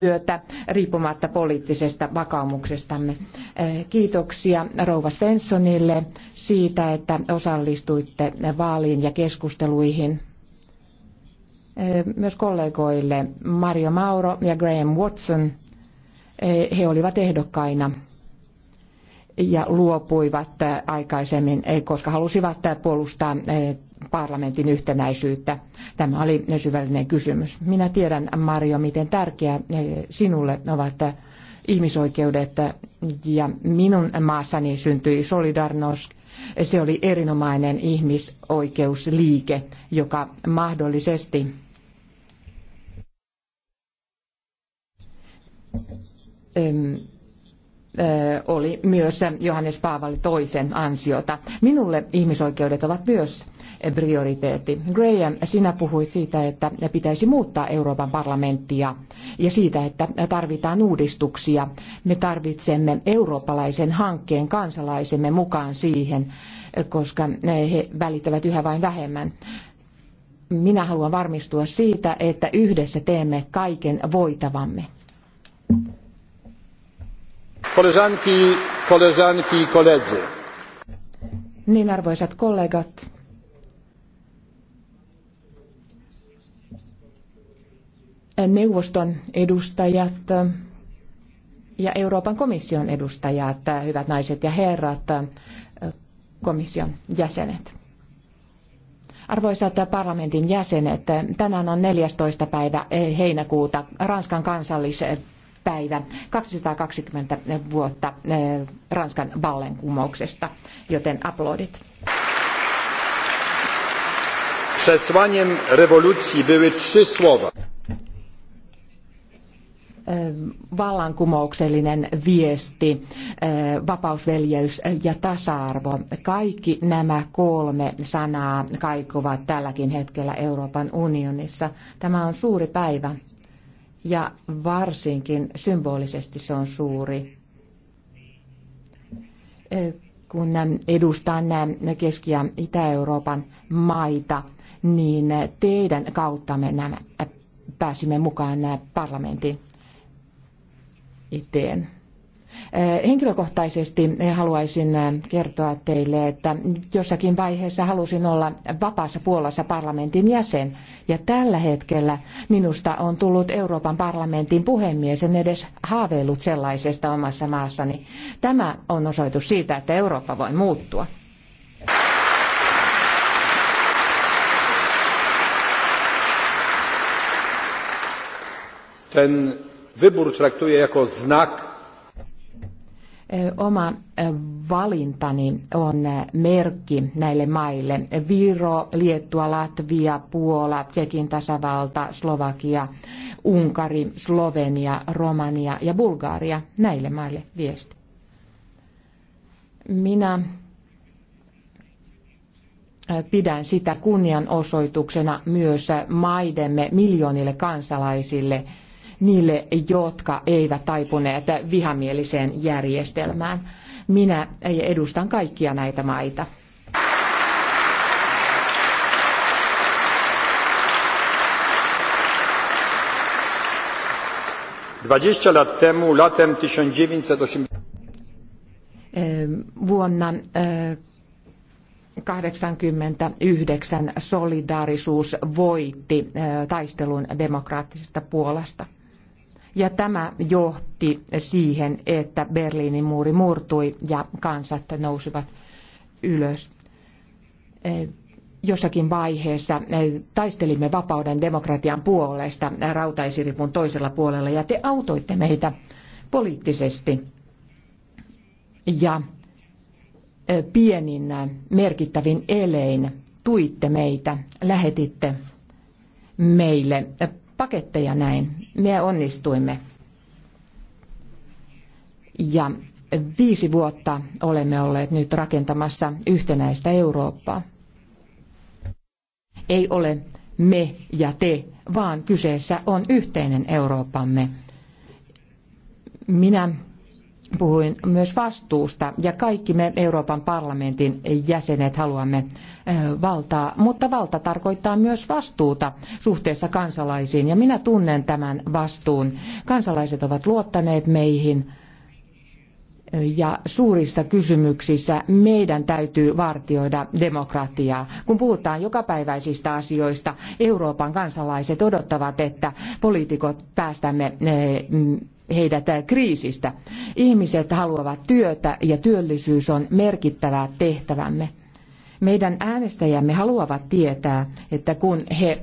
työtä riippumatta poliittisesta vakaumuksestamme. Eh, kiitoksia Rouva Svenssonille siitä, että osallistuitte vaaliin ja keskusteluihin. Eh, myös kollegoille Mario Mauro ja Graham Watson, eh, he olivat ehdokkaina ja luopuivat aikaisemmin, koska halusivat puolustaa parlamentin yhtenäisyyttä. Tämä oli syvällinen kysymys. Minä tiedän, Mario, miten tärkeä sinulle ovat ihmisoikeudet ja minun maassani syntyi Solidarnosk, Se oli erinomainen ihmisoikeusliike, joka mahdollisesti ähm, oli myös Johannes Paavali toisen ansiota. Minulle ihmisoikeudet ovat myös prioriteetti. Graham, sinä puhuit siitä, että pitäisi muuttaa Euroopan parlamenttia ja siitä, että tarvitaan uudistuksia. Me tarvitsemme eurooppalaisen hankkeen kansalaisemme mukaan siihen, koska he välittävät yhä vain vähemmän minä haluan varmistua siitä, että yhdessä teemme kaiken voitavamme. Koleżanki, koleżanki i koledzy. Niin arvoisat kollegat. Neuvoston edustajat ja Euroopan komission edustajat, hyvät naiset ja herrat, komission jäsenet. Arvoisat parlamentin jäsenet, tänään on 14. päivä heinäkuuta Ranskan kansalliset päivä 220 vuotta eh, Ranskan vallankumouksesta, joten aplodit. Przesłaniem rewolucji były trzy słowa. Eh, vallankumouksellinen viesti, eh, vapausveljeys ja tasa-arvo. Kaikki nämä kolme sanaa kaikuvat tälläkin hetkellä Euroopan unionissa. Tämä on suuri päivä ja varsinkin symbolisesti se on suuri, kun edustan nämä Keski- ja Itä-Euroopan maita, niin teidän me nämä pääsimme mukaan parlamentin eteen. Eh, henkilökohtaisesti eh, haluaisin eh, kertoa teille, että jossakin vaiheessa halusin olla vapaassa Puolassa parlamentin jäsen. Ja tällä hetkellä minusta on tullut Euroopan parlamentin puhemies, en edes haaveillut sellaisesta omassa maassani. Tämä on osoitus siitä, että Eurooppa voi muuttua. Ten wybór traktuje jako znak Oma valintani on merkki näille maille. Viro, Liettua, Latvia, Puola, Tsekin tasavalta, Slovakia, Unkari, Slovenia, Romania ja Bulgaria. Näille maille viesti. Minä pidän sitä kunnianosoituksena myös maidemme miljoonille kansalaisille – niille, jotka eivät taipuneet vihamieliseen järjestelmään. Minä edustan kaikkia näitä maita. lat temu latem vuonna 1989 solidaarisuus voitti taistelun demokraattisesta Puolasta. Ja tämä johti siihen, että Berliinin muuri murtui ja kansat nousivat ylös. E, jossakin vaiheessa e, taistelimme vapauden demokratian puolesta rautaisiripun toisella puolella ja te autoitte meitä poliittisesti. Ja e, pienin merkittävin elein tuitte meitä, lähetitte meille paketteja näin. Me onnistuimme. Ja viisi vuotta olemme olleet nyt rakentamassa yhtenäistä Eurooppaa. Ei ole me ja te, vaan kyseessä on yhteinen Eurooppamme. Minä puhuin myös vastuusta ja kaikki me Euroopan parlamentin jäsenet haluamme eh, valtaa, mutta valta tarkoittaa myös vastuuta suhteessa kansalaisiin ja minä tunnen tämän vastuun. Kansalaiset ovat luottaneet meihin eh, ja suurissa kysymyksissä meidän täytyy vartioida demokratiaa. Kun puhutaan jokapäiväisistä asioista, Euroopan kansalaiset odottavat, että poliitikot päästämme eh, heidät kriisistä. Ihmiset haluavat työtä ja työllisyys on merkittävä tehtävämme. Meidän äänestäjämme haluavat tietää, että kun he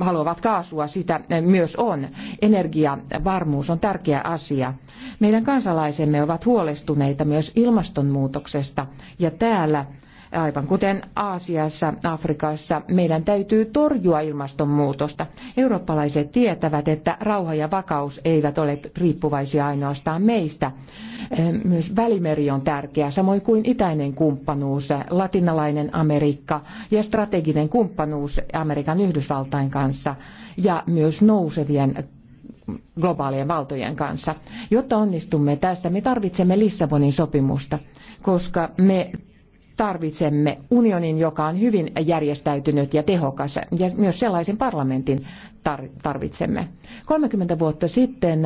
haluavat kaasua, sitä myös on. Energiavarmuus on tärkeä asia. Meidän kansalaisemme ovat huolestuneita myös ilmastonmuutoksesta ja täällä Aivan kuten Aasiassa, Afrikassa, meidän täytyy torjua ilmastonmuutosta. Eurooppalaiset tietävät, että rauha ja vakaus eivät ole riippuvaisia ainoastaan meistä. Myös Välimeri on tärkeä, samoin kuin itäinen kumppanuus, latinalainen Amerikka ja strateginen kumppanuus Amerikan Yhdysvaltain kanssa ja myös nousevien globaalien valtojen kanssa. Jotta onnistumme tässä, me tarvitsemme Lissabonin sopimusta, koska me tarvitsemme unionin, joka on hyvin järjestäytynyt ja tehokas, ja myös sellaisen parlamentin tarvitsemme. 30 vuotta sitten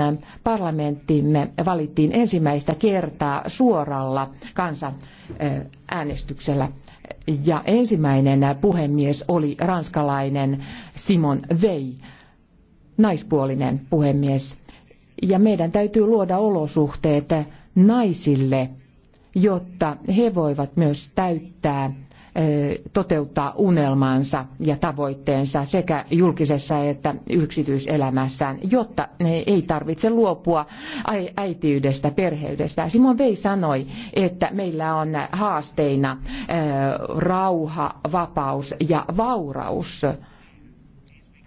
parlamenttimme valittiin ensimmäistä kertaa suoralla kansanäänestyksellä. Ja ensimmäinen puhemies oli ranskalainen Simon Vei, naispuolinen puhemies. Ja meidän täytyy luoda olosuhteet naisille – jotta he voivat myös täyttää toteuttaa unelmansa ja tavoitteensa sekä julkisessa että yksityiselämässään, jotta ei tarvitse luopua äitiydestä, perheydestä. Simon Vei sanoi, että meillä on haasteina rauha, vapaus ja vauraus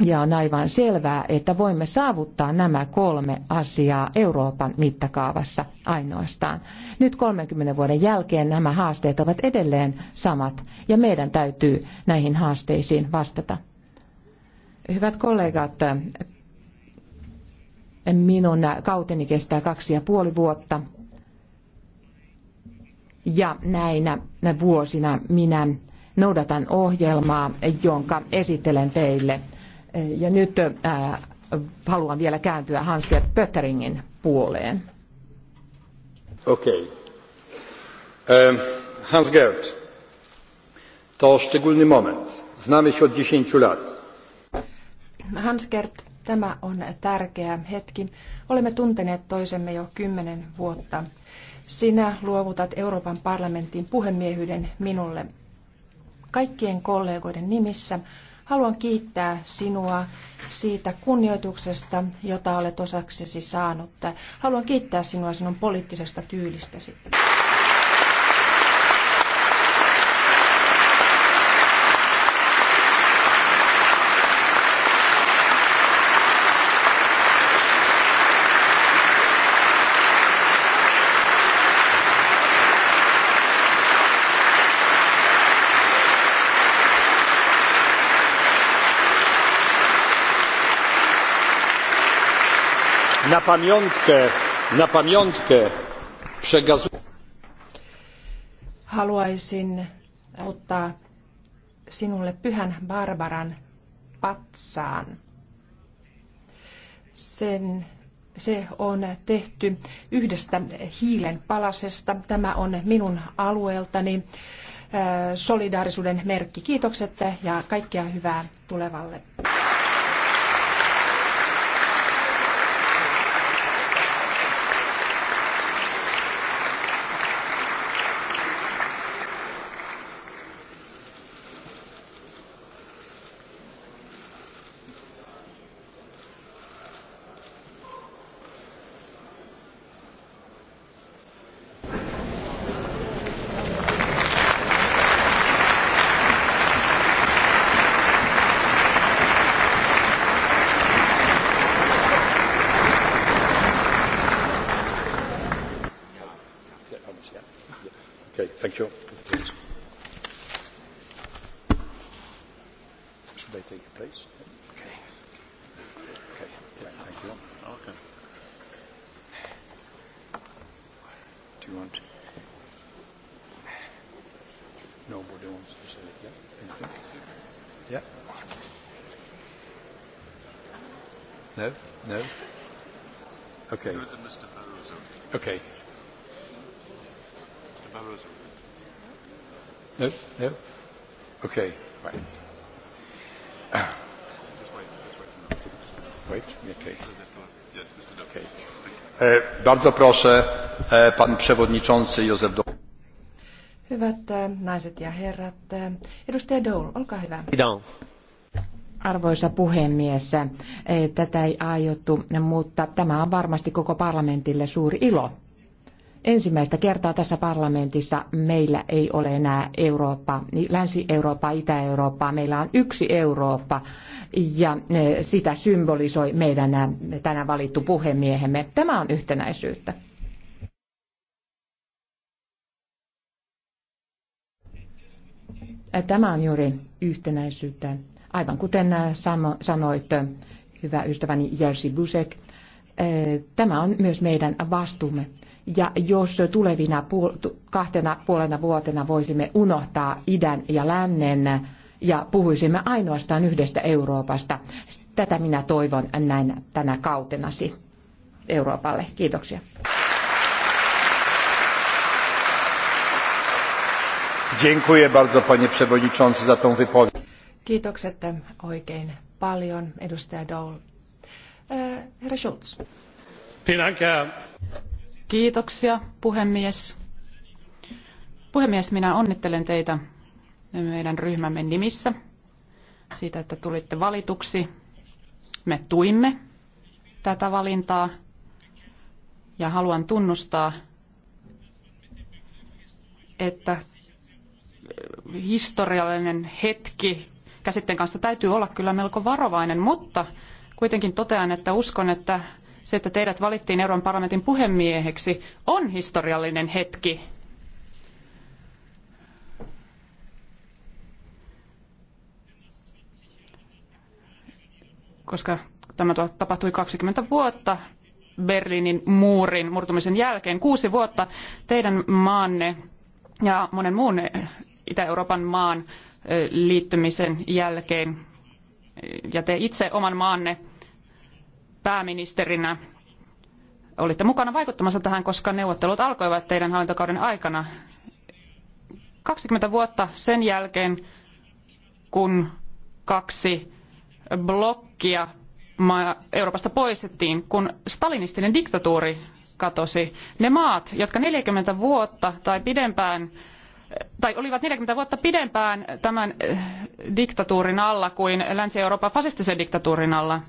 ja on aivan selvää, että voimme saavuttaa nämä kolme asiaa Euroopan mittakaavassa ainoastaan. Nyt 30 vuoden jälkeen nämä haasteet ovat edelleen samat ja meidän täytyy näihin haasteisiin vastata. Hyvät kollegat, minun kauteni kestää kaksi ja puoli vuotta. Ja näinä vuosina minä noudatan ohjelmaa, jonka esittelen teille – ja nyt haluan vielä kääntyä Hans-Gert Pötteringin puoleen. Okei. Okay. Hans-Gert, to szczególny moment. Znamy się od 10 lat. Hans-Gert, tämä on tärkeä hetki. Olemme tunteneet toisemme jo kymmenen vuotta. Sinä luovutat Euroopan parlamentin puhemiehyyden minulle. Kaikkien kollegoiden nimissä Haluan kiittää sinua siitä kunnioituksesta, jota olet osaksesi saanut. Haluan kiittää sinua sinun poliittisesta tyylistäsi. Na pamiątkę, na pamiątkę przekazuję. Haluaisin ottaa sinulle pyhän Barbaran patsaan. Sen, se on tehty yhdestä hiilen palasesta. Tämä on minun alueeltani äh, solidaarisuuden merkki. Kiitokset ja kaikkea hyvää tulevalle. Okay. Mr. Barroso. No, no. Okay, right. E, bardzo proszę, e, pan przewodniczący Józef Dołu. Hyvät e, naiset ja herrat, edustaja Dole, olkaa hyvä. Kiitos. Arvoisa puhemies, eh, tätä ei aiottu, mutta tämä on varmasti koko parlamentille suuri ilo. Ensimmäistä kertaa tässä parlamentissa meillä ei ole enää Eurooppaa, niin Länsi-Eurooppaa, Itä-Eurooppaa. Meillä on yksi Eurooppa ja eh, sitä symbolisoi meidän eh, tänään valittu puhemiehemme. Tämä on yhtenäisyyttä. Tämä on juuri yhtenäisyyttä Aivan kuten äh, sanoit, äh, hyvä ystäväni Jerzy Busek, äh, tämä on myös meidän vastuumme. Ja jos tulevina kahtena puolena vuotena voisimme unohtaa idän ja lännen ja puhuisimme ainoastaan yhdestä Euroopasta, tätä minä toivon näin tänä kautenasi Euroopalle. Kiitoksia. Dziękuję bardzo panie przewodniczący za tą wypowiedź. Kiitokset oikein paljon, edustaja Dole. Herra Schulz. Kiitoksia, puhemies. Puhemies, minä onnittelen teitä meidän ryhmämme nimissä siitä, että tulitte valituksi. Me tuimme tätä valintaa ja haluan tunnustaa, että historiallinen hetki käsitteen kanssa täytyy olla kyllä melko varovainen, mutta kuitenkin totean, että uskon, että se, että teidät valittiin Euroopan parlamentin puhemieheksi, on historiallinen hetki. Koska tämä tapahtui 20 vuotta Berliinin muurin murtumisen jälkeen, kuusi vuotta teidän maanne ja monen muun Itä-Euroopan maan liittymisen jälkeen. Ja te itse oman maanne pääministerinä olitte mukana vaikuttamassa tähän, koska neuvottelut alkoivat teidän hallintokauden aikana. 20 vuotta sen jälkeen, kun kaksi blokkia Euroopasta poistettiin, kun stalinistinen diktatuuri katosi. Ne maat, jotka 40 vuotta tai pidempään tai olivat 40 vuotta pidempään tämän eh, diktatuurin alla kuin Länsi-Euroopan fasistisen diktatuurin alla.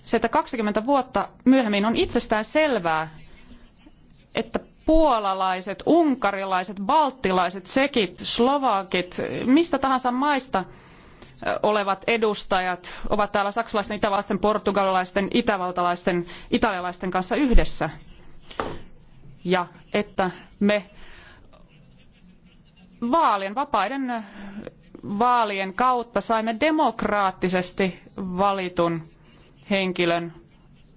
Se, että 20 vuotta myöhemmin on itsestään selvää, että puolalaiset, unkarilaiset, balttilaiset, sekit, slovakit, mistä tahansa maista eh, olevat edustajat ovat täällä saksalaisten, itävalaisten, portugalilaisten, itävaltalaisten, italialaisten kanssa yhdessä. Ja että me vaalien, vapaiden äh, vaalien kautta saimme demokraattisesti valitun henkilön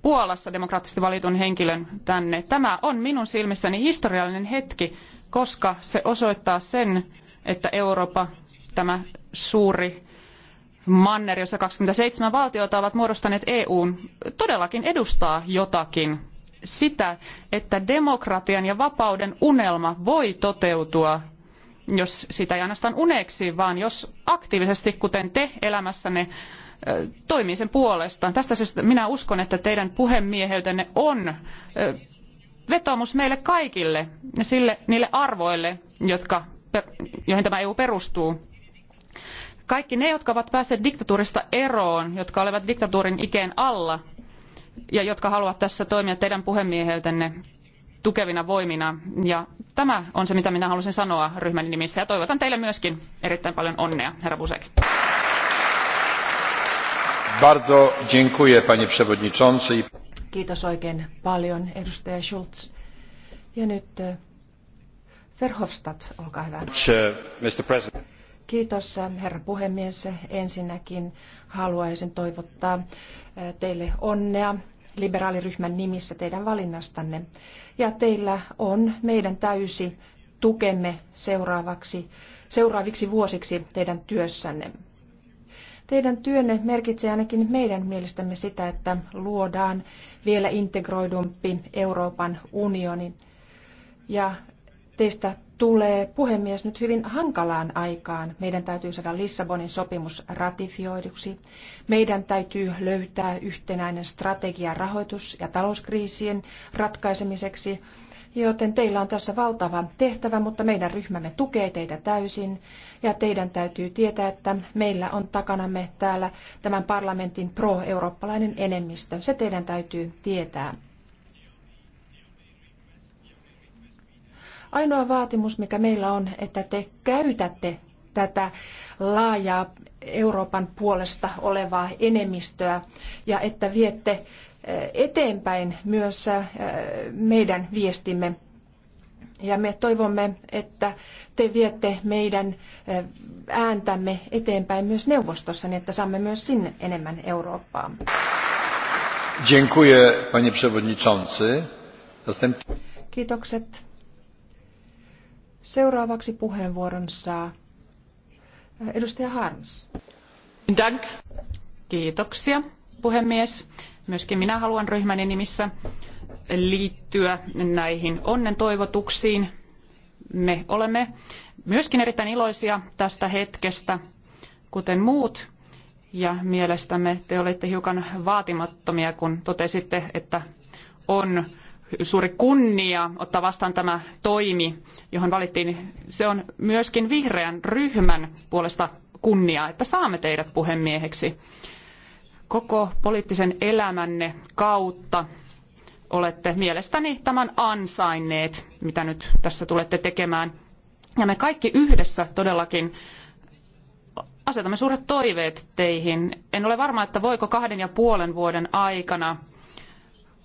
Puolassa demokraattisesti valitun henkilön tänne. Tämä on minun silmissäni historiallinen hetki, koska se osoittaa sen, että Eurooppa, tämä suuri manner, jossa 27 valtiota ovat muodostaneet EUn, todellakin edustaa jotakin. Sitä, että demokratian ja vapauden unelma voi toteutua jos sitä ei ainoastaan uneksi, vaan jos aktiivisesti, kuten te elämässänne, toimii sen puolestaan. Tästä syystä minä uskon, että teidän puhemieheytenne on vetoomus meille kaikille ja sille, niille arvoille, jotka, joihin tämä EU perustuu. Kaikki ne, jotka ovat päässeet diktatuurista eroon, jotka olivat diktatuurin ikeen alla ja jotka haluavat tässä toimia teidän puhemieheltänne, tukevina voimina. Ja tämä on se, mitä minä halusin sanoa ryhmän nimissä. Ja toivotan teille myöskin erittäin paljon onnea, herra Busek. Bardzo dziękuję, panie przewodniczący. Kiitos oikein paljon, edustaja Schulz. Ja nyt eh, Verhofstadt, olkaa hyvä. Mr. President. Kiitos, eh, herra puhemies. Ensinnäkin haluaisin toivottaa eh, teille onnea liberaaliryhmän nimissä teidän valinnastanne. Ja teillä on meidän täysi tukemme seuraavaksi, seuraaviksi vuosiksi teidän työssänne. Teidän työnne merkitsee ainakin meidän mielestämme sitä, että luodaan vielä integroidumpi Euroopan unioni. Ja teistä tulee puhemies nyt hyvin hankalaan aikaan. Meidän täytyy saada Lissabonin sopimus ratifioiduksi. Meidän täytyy löytää yhtenäinen strategia rahoitus- ja talouskriisien ratkaisemiseksi. Joten teillä on tässä valtava tehtävä, mutta meidän ryhmämme tukee teitä täysin. Ja teidän täytyy tietää, että meillä on takanamme täällä tämän parlamentin pro-eurooppalainen enemmistö. Se teidän täytyy tietää. Ainoa vaatimus, mikä meillä on, että te käytätte tätä laajaa Euroopan puolesta olevaa enemmistöä ja että viette eh, eteenpäin myös eh, meidän viestimme. Ja me toivomme, että te viette meidän eh, ääntämme eteenpäin myös neuvostossa, niin että saamme myös sinne enemmän Eurooppaa. Dziękuję, panie przewodniczący. Kiitokset. Seuraavaksi puheenvuoron saa edustaja Harms. Dank. Kiitoksia, puhemies. Myöskin minä haluan ryhmäni nimissä liittyä näihin onnen toivotuksiin. Me olemme myöskin erittäin iloisia tästä hetkestä, kuten muut. Ja mielestämme te olitte hiukan vaatimattomia, kun totesitte, että on suuri kunnia ottaa vastaan tämä toimi, johon valittiin. Se on myöskin vihreän ryhmän puolesta kunnia, että saamme teidät puhemieheksi. Koko poliittisen elämänne kautta olette mielestäni tämän ansainneet, mitä nyt tässä tulette tekemään. Ja me kaikki yhdessä todellakin asetamme suuret toiveet teihin. En ole varma, että voiko kahden ja puolen vuoden aikana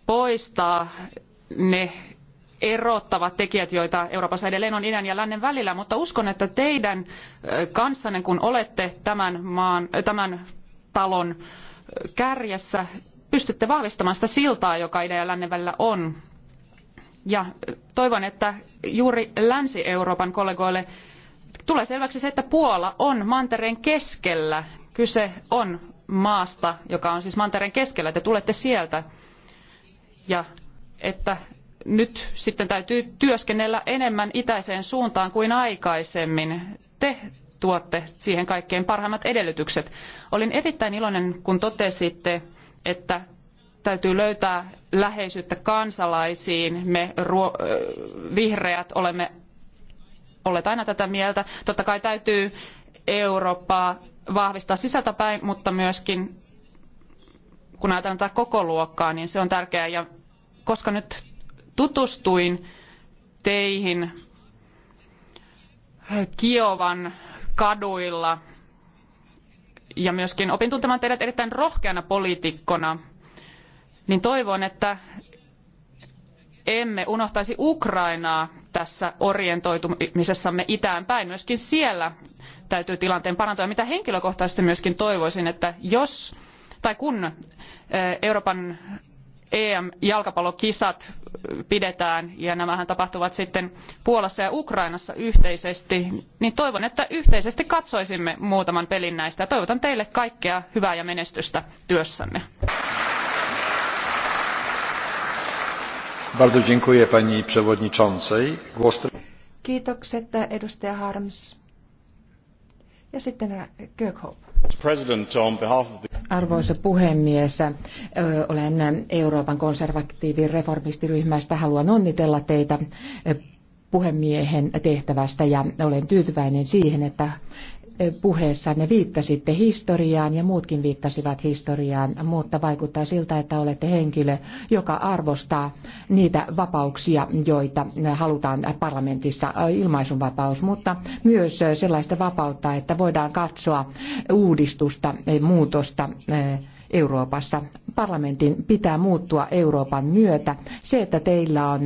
poistaa ne erottavat tekijät, joita Euroopassa edelleen on idän ja lännen välillä, mutta uskon, että teidän kanssanne, kun olette tämän, maan, tämän talon kärjessä, pystytte vahvistamaan sitä siltaa, joka idän ja lännen välillä on. Ja toivon, että juuri Länsi-Euroopan kollegoille tulee selväksi se, että Puola on mantereen keskellä. Kyse on maasta, joka on siis mantereen keskellä. Te tulette sieltä. Ja että nyt sitten täytyy työskennellä enemmän itäiseen suuntaan kuin aikaisemmin. Te tuotte siihen kaikkein parhaimmat edellytykset. Olin erittäin iloinen, kun totesitte, että täytyy löytää läheisyyttä kansalaisiin. Me vihreät olemme olleet aina tätä mieltä. Totta kai täytyy Eurooppaa vahvistaa sisältäpäin, mutta myöskin kun ajatellaan tätä koko luokkaa, niin se on tärkeää. Ja koska nyt tutustuin teihin Kiovan kaduilla ja myöskin opin tuntemaan teidät erittäin rohkeana poliitikkona, niin toivon, että emme unohtaisi Ukrainaa tässä orientoitumisessamme itään päin. Myöskin siellä täytyy tilanteen parantua. Mitä henkilökohtaisesti myöskin toivoisin, että jos tai kun eh, Euroopan EM-jalkapallokisat pidetään, ja nämähän tapahtuvat sitten Puolassa ja Ukrainassa yhteisesti, niin toivon, että yhteisesti katsoisimme muutaman pelin näistä. Toivotan teille kaikkea hyvää ja menestystä työssänne. Bardzo dziękuję pani przewodniczącej. Głos... Kiitokset edustaja Harms. Ja sitten äh, Kirkhope. Arvoisa puhemies, äh, olen Euroopan konservatiivin reformistiryhmästä. Haluan onnitella teitä äh, puhemiehen tehtävästä ja olen tyytyväinen siihen, että puheessanne viittasitte historiaan ja muutkin viittasivat historiaan, mutta vaikuttaa siltä, että olette henkilö, joka arvostaa niitä vapauksia, joita halutaan parlamentissa, ilmaisunvapaus, mutta myös sellaista vapautta, että voidaan katsoa uudistusta, muutosta, Euroopassa. Parlamentin pitää muuttua Euroopan myötä. Se, että teillä on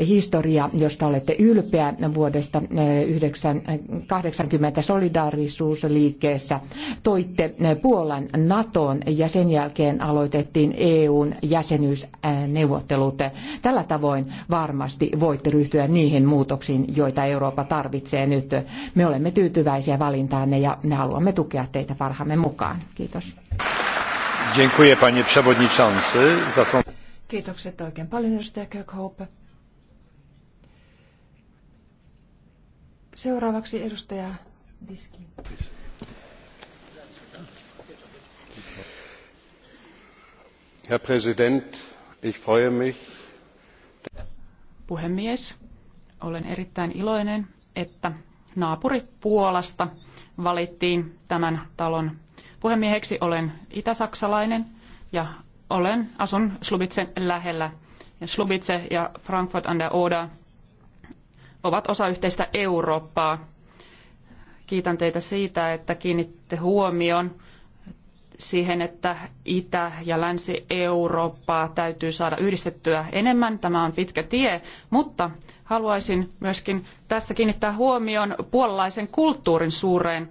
historia, josta olette ylpeä vuodesta 1980 eh, solidaarisuusliikkeessä, toitte eh, Puolan NATOon ja sen jälkeen aloitettiin EUn jäsenyysneuvottelut. Tällä tavoin varmasti voitte ryhtyä niihin muutoksiin, joita Eurooppa tarvitsee nyt. Me olemme tyytyväisiä valintaanne ja me haluamme tukea teitä parhaamme mukaan. Kiitos. Dziękuję, panie przewodniczący, za tą... Kiitokset oikein paljon, edustaja Seuraavaksi edustaja Biski. Herr Präsident, ich freue mich. Puhemies, olen erittäin iloinen, että naapuri Puolasta valittiin tämän talon puhemieheksi. Olen itä-saksalainen ja olen, asun Slubitsen lähellä. Ja Slubitse ja Frankfurt an der Oder ovat osa yhteistä Eurooppaa. Kiitän teitä siitä, että kiinnitte huomion siihen, että Itä- ja Länsi-Eurooppaa täytyy saada yhdistettyä enemmän. Tämä on pitkä tie, mutta haluaisin myöskin tässä kiinnittää huomion puolalaisen kulttuurin suureen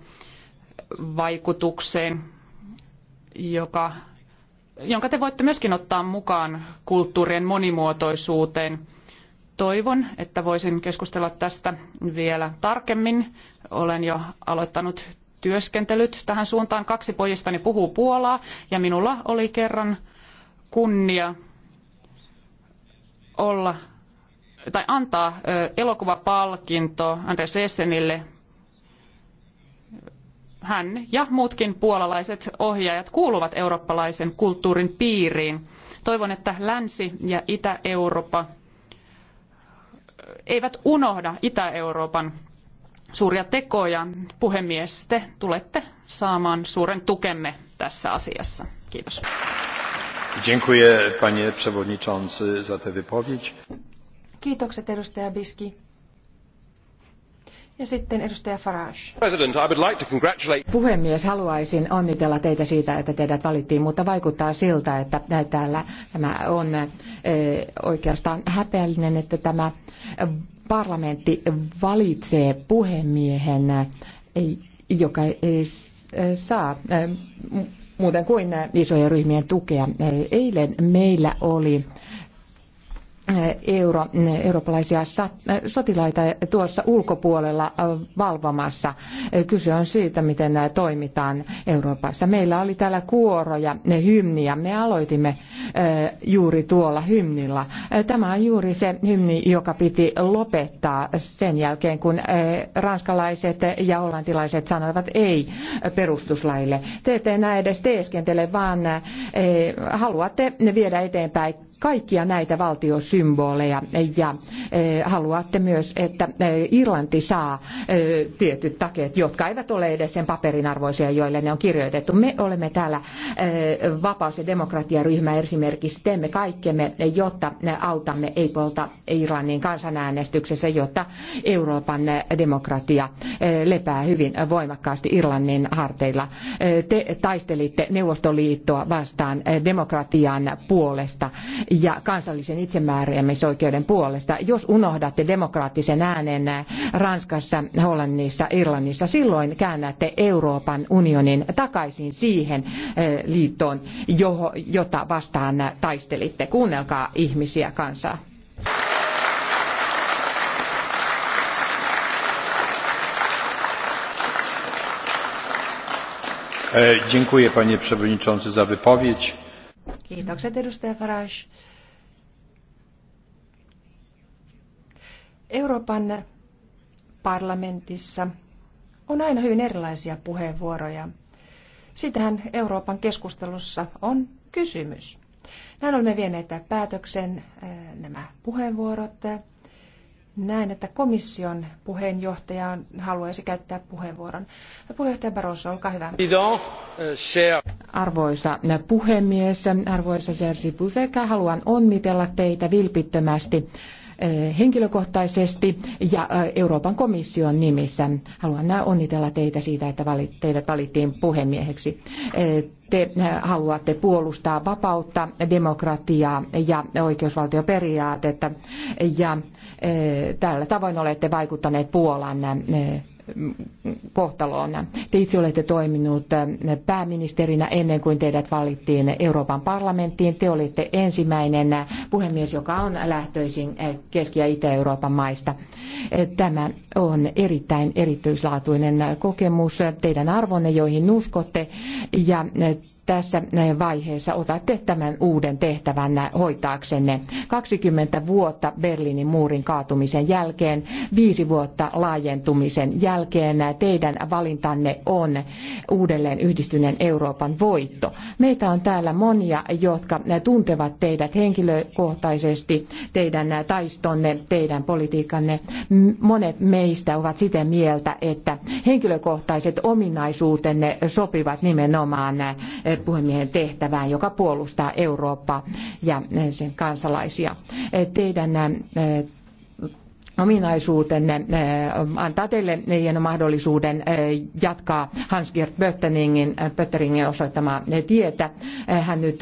vaikutukseen, joka, jonka te voitte myöskin ottaa mukaan kulttuurien monimuotoisuuteen. Toivon, että voisin keskustella tästä vielä tarkemmin. Olen jo aloittanut työskentelyt tähän suuntaan. Kaksi pojistani puhuu Puolaa ja minulla oli kerran kunnia olla tai antaa elokuvapalkinto Anders Essenille hän ja muutkin puolalaiset ohjaajat kuuluvat eurooppalaisen kulttuurin piiriin. Toivon, että Länsi- ja Itä-Eurooppa eh, eivät unohda Itä-Euroopan suuria tekoja. Puhemies, te tulette saamaan suuren tukemme tässä asiassa. Kiitos. Dziękuję, panie przewodniczący, za tę wypowiedź. Kiitokset, edustaja Biski. Ja sitten edustaja Farage. President, I would like to congratulate... Puhemies, haluaisin onnitella teitä siitä, että teidät valittiin, mutta vaikuttaa siltä, että täällä tämä on eh, oikeastaan häpeällinen, että tämä parlamentti valitsee puhemiehen, eh, joka ei eh, saa muuten kuin isojen ryhmien tukea. Eilen meillä oli euro, eurooppalaisia sotilaita tuossa ulkopuolella äh, valvomassa. Kyse on siitä, miten toimitaan Euroopassa. Meillä oli täällä kuoroja, ne hymniä. Me aloitimme äh, juuri tuolla hymnillä. Äh, tämä on juuri se hymni, joka piti lopettaa sen jälkeen, kun ranskalaiset ja hollantilaiset sanoivat ei perustuslaille. Te ette enää edes teeskentele, vaan haluatte viedä eteenpäin kaikkia näitä valtiosymboleja ja e, haluatte myös, että e, Irlanti saa e, tietyt takeet, jotka eivät ole edes sen paperin arvoisia, joille ne on kirjoitettu. Me olemme täällä vapaus- ja demokratiaryhmä esimerkiksi. Teemme kaikkemme, jotta autamme ei polta Irlannin kansanäänestyksessä, jotta Euroopan demokratia lepää hyvin voimakkaasti Irlannin harteilla. Te taistelitte Neuvostoliittoa vastaan demokratian puolesta ja kansallisen itsemääräämisoikeuden puolesta. Jos unohdatte demokraattisen äänen Ranskassa, Hollannissa, Irlannissa, silloin käännätte Euroopan unionin takaisin siihen eh, liittoon, jota vastaan taistelitte. Kuunnelkaa ihmisiä, kansaa. E, dziękuję panie przewodniczący za wypowiedź. Kiitokset edustaja Farage. Euroopan parlamentissa on aina hyvin erilaisia puheenvuoroja. Sitähän Euroopan keskustelussa on kysymys. Näin olemme vieneet päätöksen eh, nämä puheenvuorot. Näen, että komission puheenjohtaja haluaisi käyttää puheenvuoron. Puheenjohtaja Barroso, olkaa hyvä. Arvoisa puhemies, arvoisa Sersi Puseka, haluan onnitella teitä vilpittömästi Eh, henkilökohtaisesti ja eh, Euroopan komission nimissä. Haluan onnitella teitä siitä, että teidät valittiin puhemieheksi. Eh, te haluatte puolustaa vapautta, demokratiaa ja oikeusvaltioperiaatetta ja tällä tavoin olette vaikuttaneet Puolan kohtaloon. Te itse olette toiminut pääministerinä ennen kuin teidät valittiin Euroopan parlamenttiin. Te olitte ensimmäinen puhemies, joka on lähtöisin Keski- ja Itä-Euroopan maista. Tämä on erittäin erityislaatuinen kokemus. Teidän arvonne, joihin uskotte ja tässä eh, vaiheessa otatte tämän uuden tehtävän eh, hoitaaksenne. 20 vuotta Berliinin muurin kaatumisen jälkeen, viisi vuotta laajentumisen jälkeen eh, teidän valintanne on uudelleen yhdistyneen Euroopan voitto. Meitä on täällä monia, jotka tuntevat teidät henkilökohtaisesti, teidän taistonne, teidän politiikkanne. Monet meistä ovat sitä mieltä, että henkilökohtaiset ominaisuutenne sopivat nimenomaan puhemiehen tehtävään, joka puolustaa Eurooppaa ja sen kansalaisia. Teidän ominaisuutenne antaa teille hienon mahdollisuuden jatkaa Hans-Gert Bötteringin, osoittamaa tietä. Hän nyt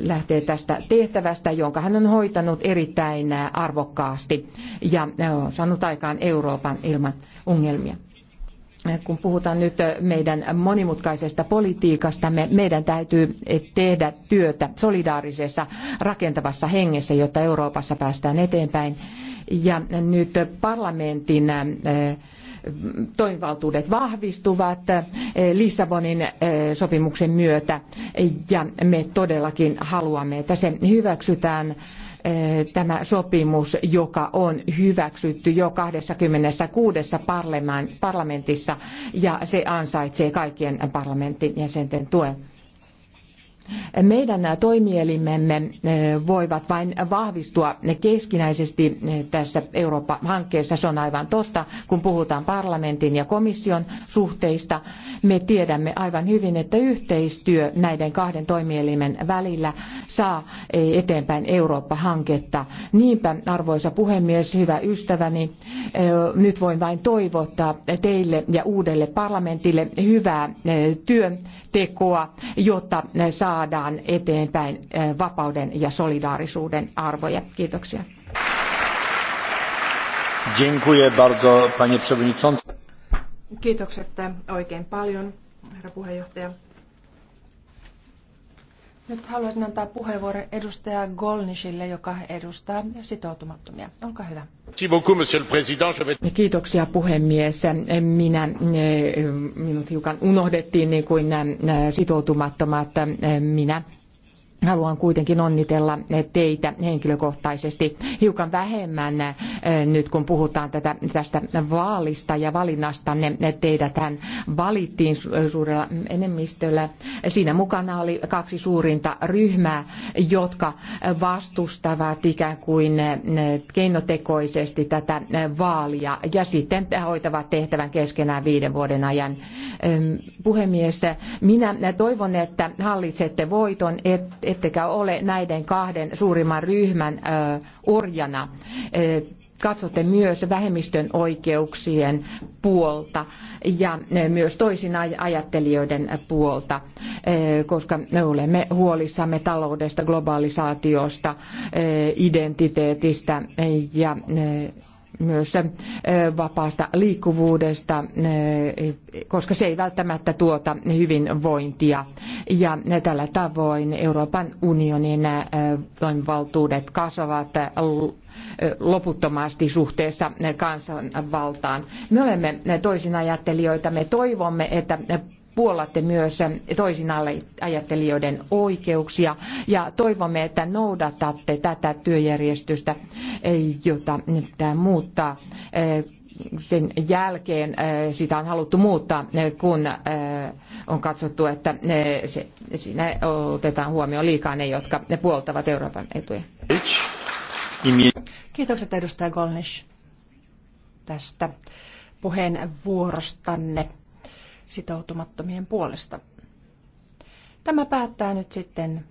lähtee tästä tehtävästä, jonka hän on hoitanut erittäin arvokkaasti ja on saanut aikaan Euroopan ilman ongelmia kun puhutaan nyt meidän monimutkaisesta politiikastamme, meidän täytyy tehdä työtä solidaarisessa rakentavassa hengessä, jotta Euroopassa päästään eteenpäin. Ja nyt parlamentin toimivaltuudet vahvistuvat Lissabonin sopimuksen myötä ja me todellakin haluamme, että se hyväksytään tämä sopimus, joka on hyväksytty jo 26 parlamentissa ja se ansaitsee kaikkien parlamentin jäsenten tuen. Meidän toimielimemme eh, voivat vain vahvistua keskinäisesti eh, tässä Eurooppa-hankkeessa. Se on aivan totta, kun puhutaan parlamentin ja komission suhteista. Me tiedämme aivan hyvin, että yhteistyö näiden kahden toimielimen välillä saa eh, eteenpäin Eurooppa-hanketta. Niinpä, arvoisa puhemies, hyvä ystäväni, nyt voin vain toivottaa teille ja uudelle parlamentille hyvää työntekoa, jotta saa saadaan eteenpäin vapauden ja solidaarisuuden arvoja. Kiitoksia. bardzo, panie Kiitokset oikein paljon, herra puheenjohtaja. Nyt haluaisin antaa puheenvuoron edustaja Golnishille, joka edustaa sitoutumattomia. Olkaa hyvä. Kiitoksia puhemies. Minä, eh, minut hiukan unohdettiin niin kuin eh, sitoutumattomat. Minä haluan kuitenkin onnitella teitä henkilökohtaisesti hiukan vähemmän eh, nyt kun puhutaan tätä, tästä vaalista ja valinnastanne. Teidäthän valittiin suurella enemmistöllä. Siinä mukana oli kaksi suurinta ryhmää, jotka vastustavat ikään kuin eh, keinotekoisesti tätä eh, vaalia ja sitten hoitavat tehtävän keskenään viiden vuoden ajan. Puhemies, minä toivon, että hallitsette voiton, että ettekä ole näiden kahden suurimman ryhmän orjana katsotte myös vähemmistön oikeuksien puolta ja myös toisin ajattelijoiden puolta, koska me olemme huolissamme taloudesta, globalisaatiosta, identiteetistä ja myös vapaasta liikkuvuudesta, koska se ei välttämättä tuota hyvinvointia. Ja tällä tavoin Euroopan unionin toimivaltuudet kasvavat loputtomasti suhteessa kansanvaltaan. Me olemme toisinajattelijoita, me toivomme, että puolatte myös toisin ajattelijoiden oikeuksia ja toivomme, että noudatatte tätä työjärjestystä, jota pitää muuttaa sen jälkeen sitä on haluttu muuttaa, kun on katsottu, että se, siinä otetaan huomioon liikaa ne, jotka ne puoltavat Euroopan etuja. Kiitokset edustaja Golnish tästä puheenvuorostanne sitoutumattomien puolesta. Tämä päättää nyt sitten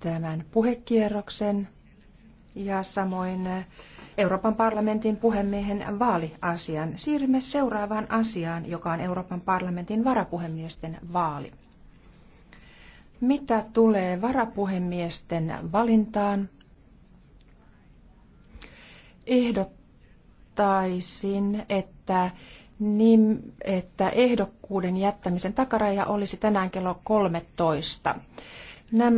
tämän puhekierroksen ja samoin Euroopan parlamentin puhemiehen vaaliasian. Siirrymme seuraavaan asiaan, joka on Euroopan parlamentin varapuhemiesten vaali. Mitä tulee varapuhemiesten valintaan, ehdottaisin, että niin, että ehdokkuuden jättämisen takaraja olisi tänään kello 13. Nämä